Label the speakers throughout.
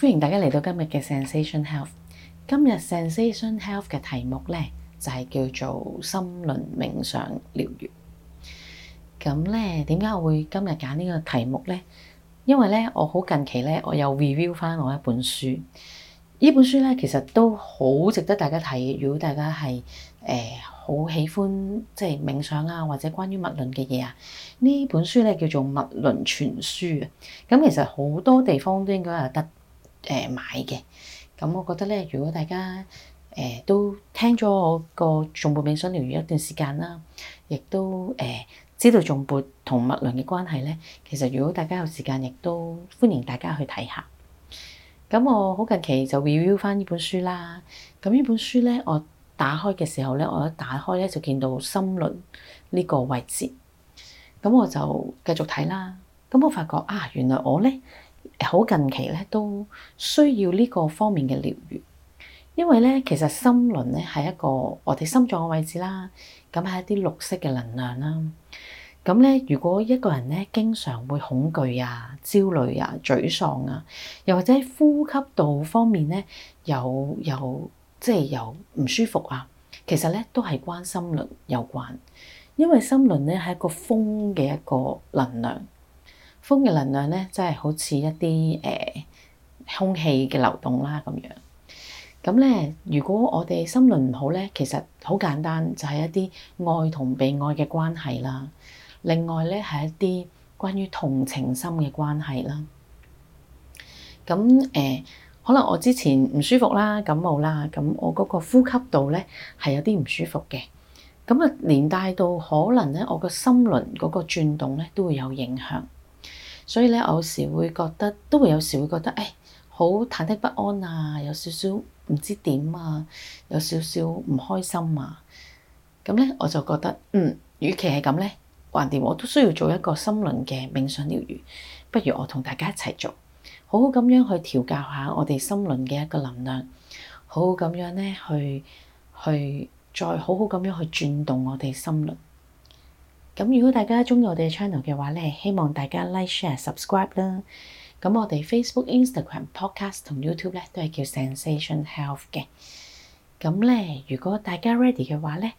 Speaker 1: 歡迎大家嚟到今日嘅 Sensation Health。今日 Sensation Health 嘅題目呢，就係叫做心輪冥想療愈。咁呢，點解我會今日揀呢個題目呢？因為呢，我好近期呢，我又 review 翻我一本書。呢本書呢，其實都好值得大家睇。如果大家係誒好喜歡即係冥想啊，或者關於脈輪嘅嘢啊，呢本書呢叫做《脈輪全書》啊。咁其實好多地方都應該有得。誒、嗯、買嘅，咁、嗯、我覺得咧，如果大家誒、呃、都聽咗我個頌缽冥想療愈一段時間啦，亦都誒、呃、知道頌缽同脈輪嘅關係咧，其實如果大家有時間，亦都歡迎大家去睇下。咁、嗯、我好近期就 review 翻呢本書啦。咁呢本書咧，我打開嘅時候咧，我一打開咧就見到心輪呢個位置，咁我就繼續睇啦。咁、嗯、我發覺啊，原來我咧～好近期咧都需要呢個方面嘅療癒，因為咧其實心輪咧係一個我哋心臟嘅位置啦，咁係一啲綠色嘅能量啦。咁咧如果一個人咧經常會恐懼啊、焦慮啊、沮喪啊，又或者呼吸道方面咧有有即係、就是、有唔舒服啊，其實咧都係關心輪有關，因為心輪咧係一個風嘅一個能量。風嘅能量咧，真係好似一啲誒、呃、空氣嘅流動啦咁樣。咁咧，如果我哋心輪唔好咧，其實好簡單，就係、是、一啲愛同被愛嘅關係啦。另外咧，係一啲關於同情心嘅關係啦。咁誒、呃，可能我之前唔舒服啦，感冒啦，咁我嗰個呼吸道咧係有啲唔舒服嘅。咁啊，連帶到可能咧，我個心輪嗰個轉動咧都會有影響。所以咧，我有時會覺得都會有時會覺得，誒，好忐忑不安啊，有少少唔知點啊，有少少唔開心啊。咁咧，我就覺得，嗯，與其係咁咧，橫掂我都需要做一個心輪嘅冥想療癒，不如我同大家一齊做，好好咁樣去調教下我哋心輪嘅一個能量，好好咁樣咧，去去再好好咁樣去轉動我哋心輪。咁如果大家鍾意我哋嘅 channel 嘅話咧，希望大家 like、share、subscribe 啦。咁我哋 Facebook、Instagram、Podcast 同 YouTube 咧都係叫 Zensation Health 嘅。咁咧，如果大家 ready 嘅話咧，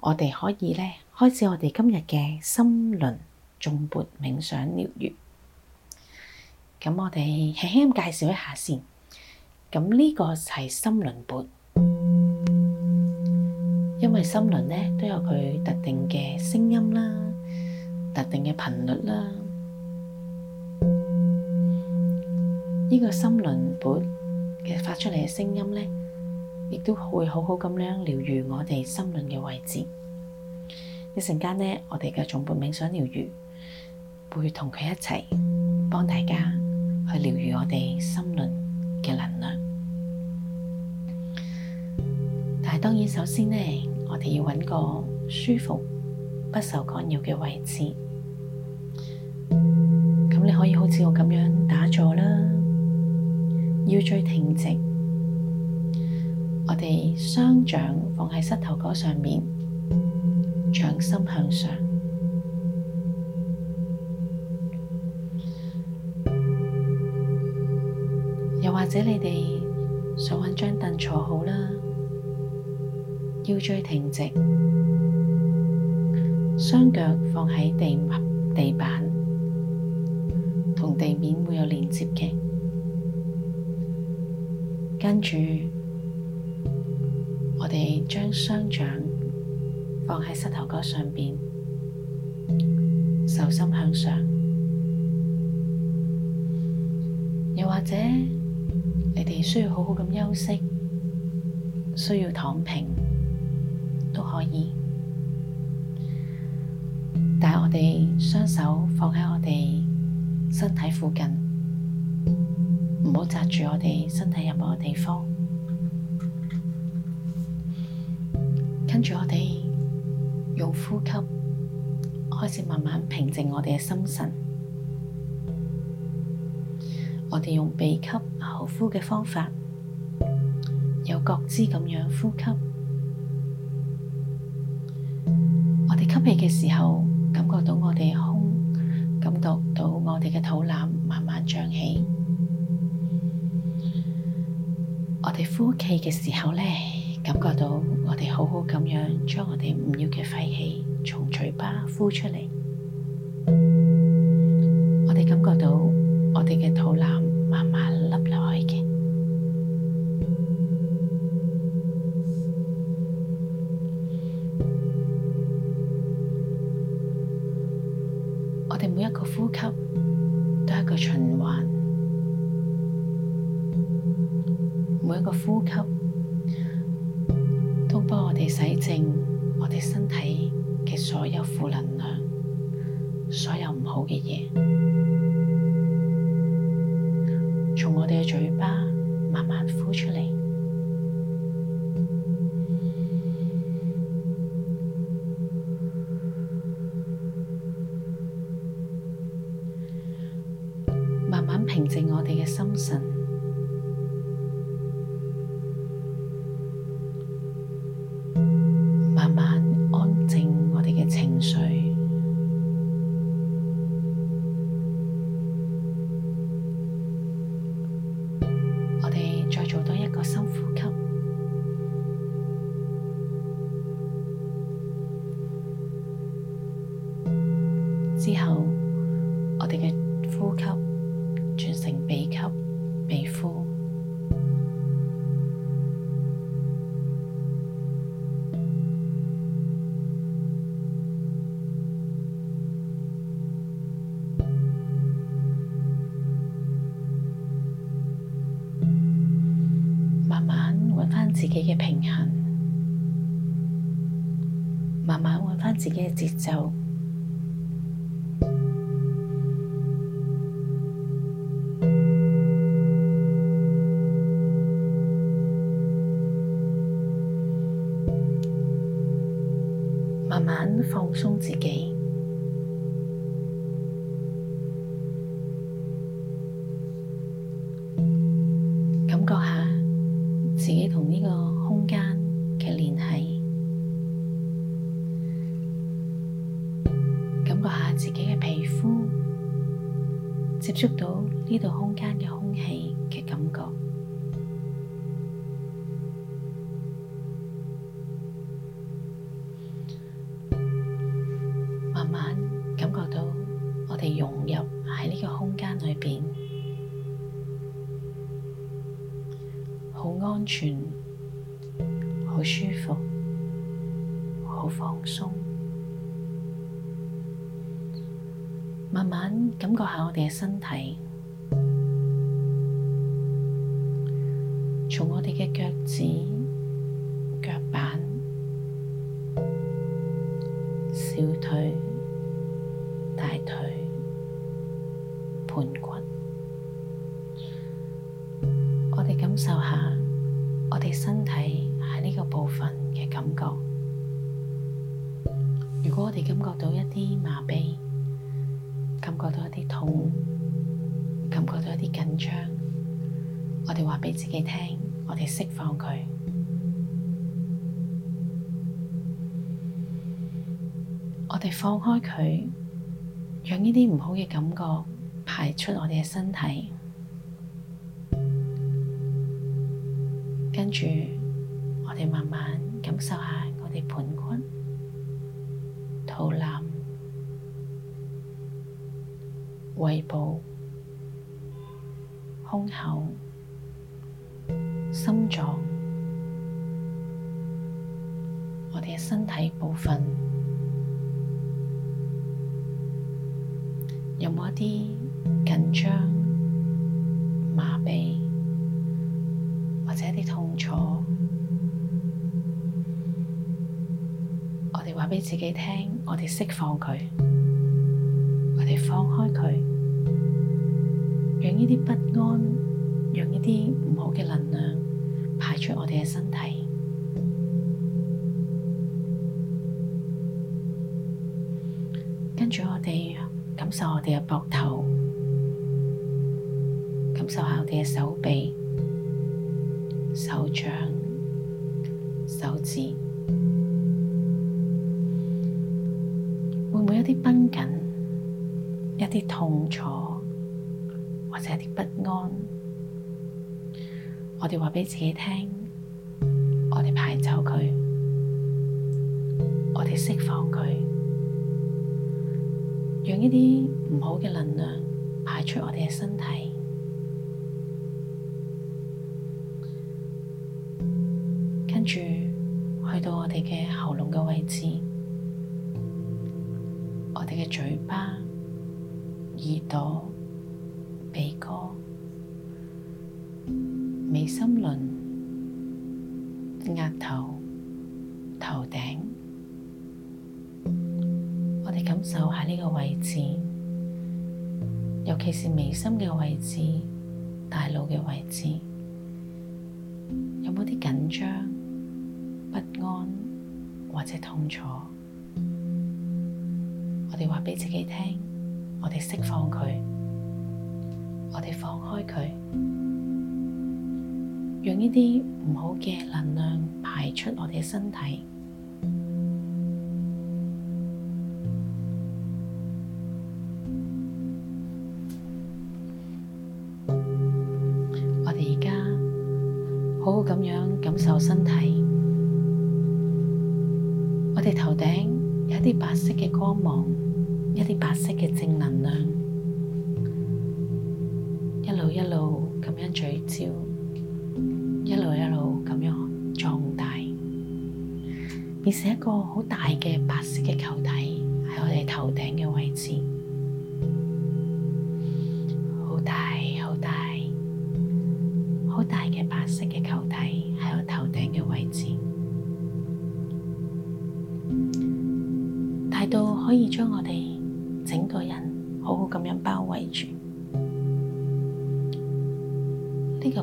Speaker 1: 我哋可以咧開始我哋今日嘅心輪頌缽冥想療愈。咁我哋輕輕介紹一下先。咁呢個係心輪缽，因為心輪咧都有佢特定嘅聲音啦。特定嘅頻率啦，呢、這個心輪缽嘅發出嚟嘅聲音咧，亦都會好好咁樣療愈我哋心輪嘅位置。一陣間咧，我哋嘅頌缽冥想療愈會同佢一齊幫大家去療愈我哋心輪嘅能量。但係當然，首先咧，我哋要揾個舒服、不受干擾嘅位置。咁你可以好似我咁樣打坐啦，腰椎挺直，我哋雙掌放喺膝頭哥上面，掌心向上。又或者你哋想揾張凳坐好啦，腰椎挺直，雙腳放喺地地板。同地面會有連接嘅，跟住我哋將雙掌放喺膝頭哥上邊，手心向上。又或者你哋需要好好咁休息，需要躺平都可以。但係我哋雙手放喺我哋。身體附近，唔好窒住我哋身體任何地方。跟住我哋用呼吸開始慢慢平靜我哋嘅心神。我哋用鼻吸口呼嘅方法，有覺知咁樣呼吸。我哋吸氣嘅時候，感覺到我哋。到我哋嘅肚腩慢慢漲起，我哋呼氣嘅時候咧，感覺到我哋好好咁樣將我哋唔要嘅廢氣從嘴巴呼出嚟。每一個呼吸都係一個循環，每一個呼吸都幫我哋洗淨我哋身體嘅所有負能量，所有唔好嘅嘢，從我哋嘅嘴巴慢慢呼出嚟。平靜我哋嘅心神，慢慢安靜我哋嘅情緒。自己嘅平衡，慢慢揾返自己嘅節奏，慢慢放鬆自己。觸到呢度空間嘅空氣嘅感覺。感覺下我哋嘅身體，從我哋嘅腳趾、腳板、小腿、大腿、盤骨，我哋感受下我哋身體喺呢個部分嘅感覺。如果我哋感覺到一啲麻痹，感覺到有啲痛，感覺到有啲緊張，我哋話畀自己聽，我哋釋放佢，我哋放開佢，讓呢啲唔好嘅感覺排出我哋嘅身體，跟住我哋慢慢感受下我哋盤骨、肚腩。胃部、胸口、心臟，我哋嘅身體部分有冇一啲緊張、麻痹或者一啲痛楚？我哋話俾自己聽，我哋釋放佢。放開佢，讓呢啲不安，讓呢啲唔好嘅能量排出我哋嘅身體。跟住我哋感受我哋嘅膊頭，感受下我哋嘅手臂、手掌、手指，會唔會一啲繃緊？一啲痛楚或者一啲不安，我哋話畀自己聽，我哋排走佢，我哋釋放佢，讓一啲唔好嘅能量排出我哋嘅身體，跟住去到我哋嘅喉嚨嘅位置，我哋嘅嘴巴。耳朵、鼻哥、眉心輪、額頭、頭頂，我哋感受下呢個位置，尤其是眉心嘅位置、大腦嘅位置，有冇啲緊張、不安或者痛楚？我哋話畀自己聽。我哋釋放佢，我哋放開佢，讓呢啲唔好嘅能量排出我哋嘅身體。我哋而家好好咁樣感受身體，我哋頭頂有一啲白色嘅光芒。一路咁樣聚焦，一路一路咁樣壯大，變成一個好大嘅白色嘅球體，喺我哋頭頂嘅位置，好大、好大、好大嘅白色嘅球體，喺我頭頂嘅位置，大到可以將我哋。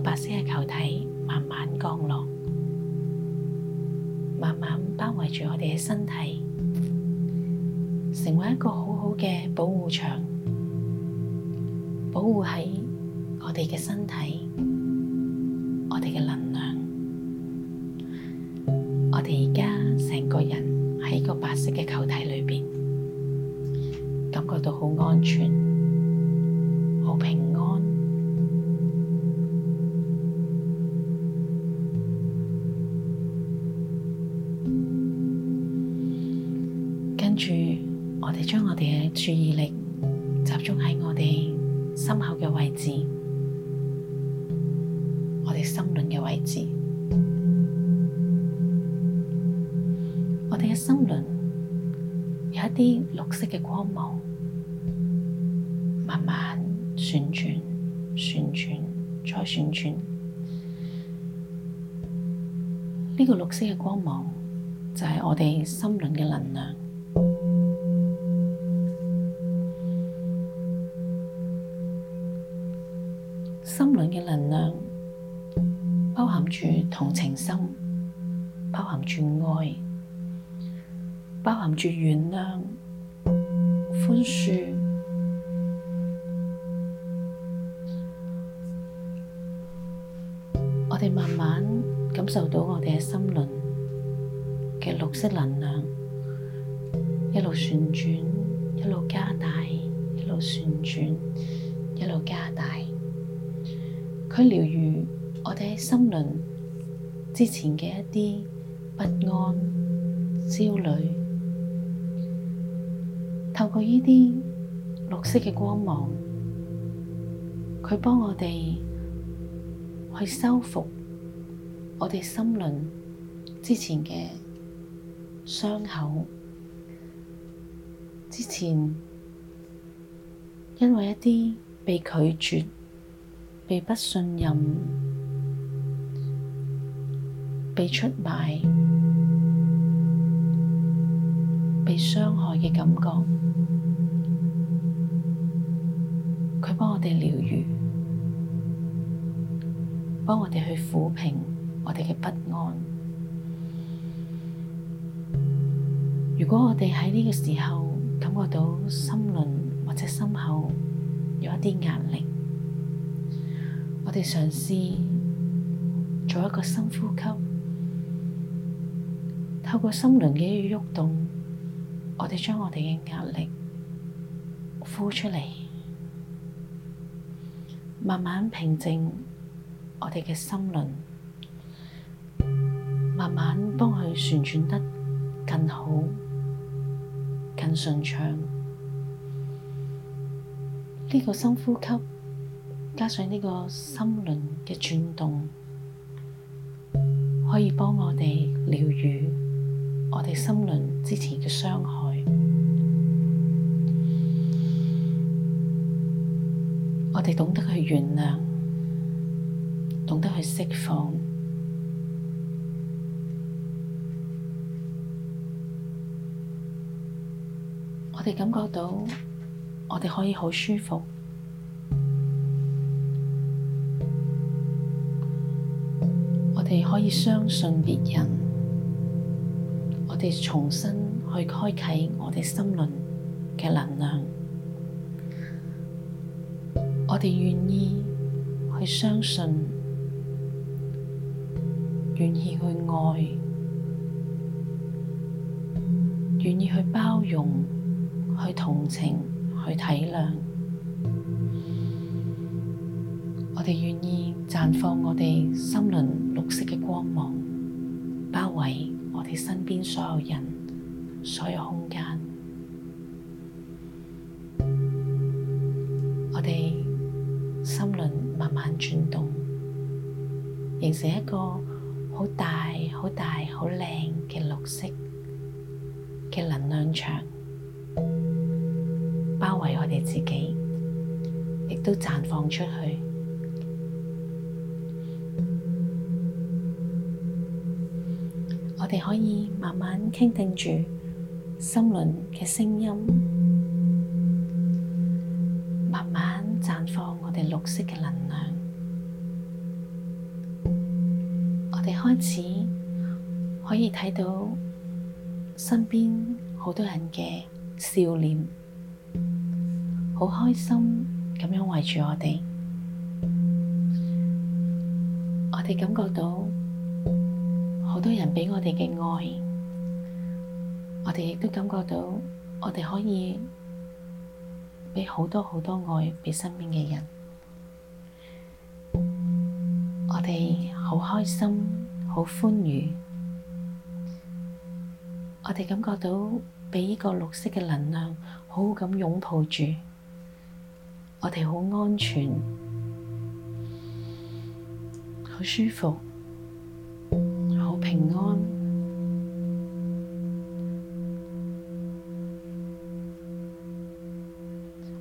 Speaker 1: 白色嘅球體慢慢降落，慢慢包圍住我哋嘅身體，成為一個好好嘅保護場，保護喺我哋嘅身體、我哋嘅能量。我哋而家成個人喺個白色嘅球體裏面，感覺到好安全。注意力集中喺我哋心口嘅位置，我哋心輪嘅位置，我哋嘅心輪有一啲綠色嘅光芒，慢慢旋轉、旋轉、再旋轉。呢個綠色嘅光芒就係我哋心輪嘅能量。嘅能量包含住同情心，包含住愛，包含住原諒、寬恕。我哋慢慢感受到我哋嘅心輪嘅綠色能量，一路旋轉，一路加大，一路旋轉，一路加大。佢療癒我哋喺心輪之前嘅一啲不安、焦慮，透過呢啲綠色嘅光芒，佢幫我哋去修復我哋心輪之前嘅傷口，之前因為一啲被拒絕。被不信任、被出賣、被傷害嘅感覺，佢幫我哋療癒，幫我哋去撫平我哋嘅不安。如果我哋喺呢個時候感覺到心輪或者心口有一啲壓力，我哋嘗試做一個深呼吸，透過心輪嘅喐動，我哋將我哋嘅壓力呼出嚟，慢慢平靜我哋嘅心輪，慢慢幫佢旋轉得更好、更順暢。呢個深呼吸。加上呢個心輪嘅轉動，可以幫我哋療癒我哋心輪之前嘅傷害，我哋懂得去原諒，懂得去釋放，我哋感覺到我哋可以好舒服。我哋可以相信別人，我哋重新去開啟我哋心靈嘅能量，我哋願意去相信，願意去愛，願意去包容，去同情，去體諒。我哋願意綻放我哋心輪綠色嘅光芒，包圍我哋身邊所有人、所有空間。我哋心輪慢慢轉動，形成一個好大、好大、好靚嘅綠色嘅能量場，包圍我哋自己，亦都綻放出去。可以慢慢傾聽住心輪嘅聲音，慢慢綻放我哋綠色嘅能量。我哋開始可以睇到身邊好多人嘅笑臉，好開心咁樣圍住我哋，我哋感覺到。好多人畀我哋嘅愛，我哋亦都感覺到，我哋可以畀好多好多愛畀身邊嘅人。我哋好開心，好歡愉。我哋感覺到俾呢個綠色嘅能量，好好咁擁抱住。我哋好安全，好舒服。平安，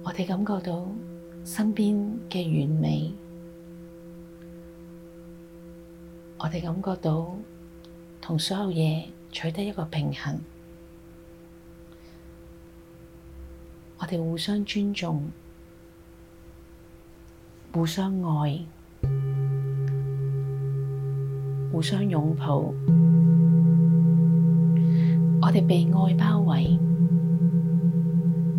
Speaker 1: 我哋感覺到身邊嘅完美，我哋感覺到同所有嘢取得一個平衡，我哋互相尊重，互相愛。互相擁抱，我哋被愛包圍，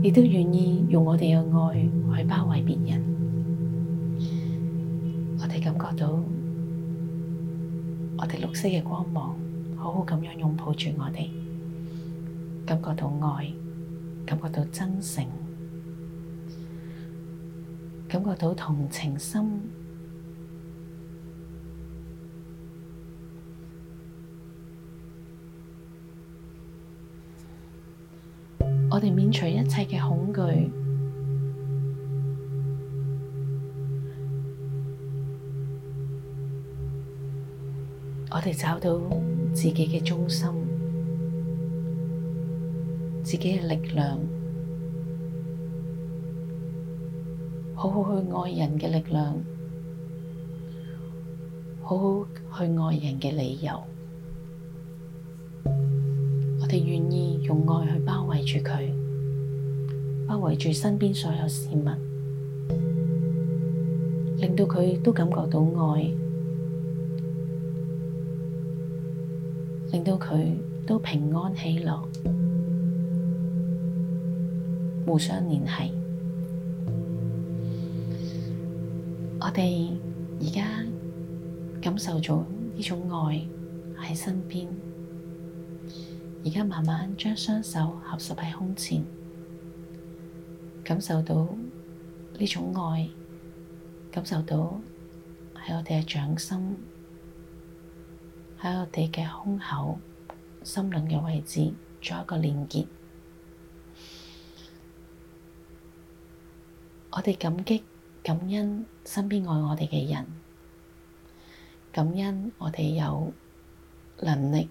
Speaker 1: 亦都願意用我哋嘅愛去包圍別人。我哋感覺到，我哋綠色嘅光芒，好好咁樣擁抱住我哋，感覺到愛，感覺到真誠，感覺到同情心。我哋免除一切嘅恐懼，我哋找到自己嘅中心，自己嘅力量，好好去愛人嘅力量，好好去愛人嘅理由。我哋願意用愛去包圍住佢，包圍住身邊所有事物，令到佢都感覺到愛，令到佢都平安喜樂，互相聯繫。我哋而家感受咗呢種愛喺身邊。而家慢慢將雙手合十喺胸前，感受到呢種愛，感受到喺我哋嘅掌心，喺我哋嘅胸口、心輪嘅位置，做一個連結。我哋感激、感恩身邊愛我哋嘅人，感恩我哋有能力，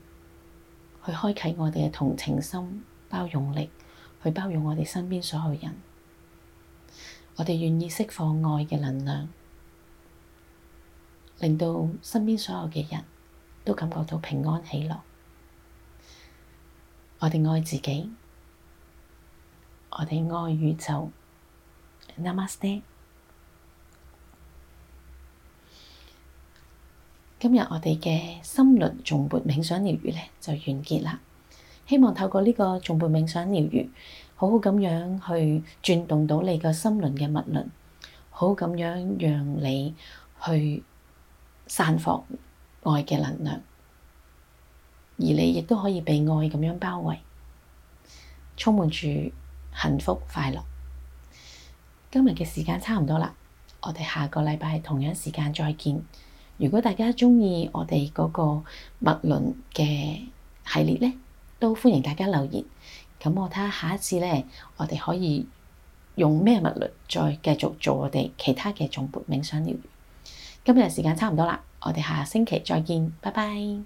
Speaker 1: 去開啟我哋嘅同情心、包容力，去包容我哋身邊所有人。我哋願意釋放愛嘅能量，令到身邊所有嘅人都感覺到平安喜樂。我哋愛自己，我哋愛宇宙。Namaste。今日我哋嘅心輪重撥冥想療愈咧就完結啦，希望透過呢個重撥冥想療愈，好好咁樣去轉動到你個心輪嘅物輪，好好咁樣讓你去散放愛嘅能量，而你亦都可以被愛咁樣包圍，充滿住幸福快樂。今日嘅時間差唔多啦，我哋下個禮拜同樣時間再見。如果大家中意我哋嗰個脈輪嘅系列咧，都歡迎大家留言。咁我睇下下一次咧，我哋可以用咩脈輪再繼續做我哋其他嘅頌缽冥想療癒。今日時間差唔多啦，我哋下星期再見，拜拜。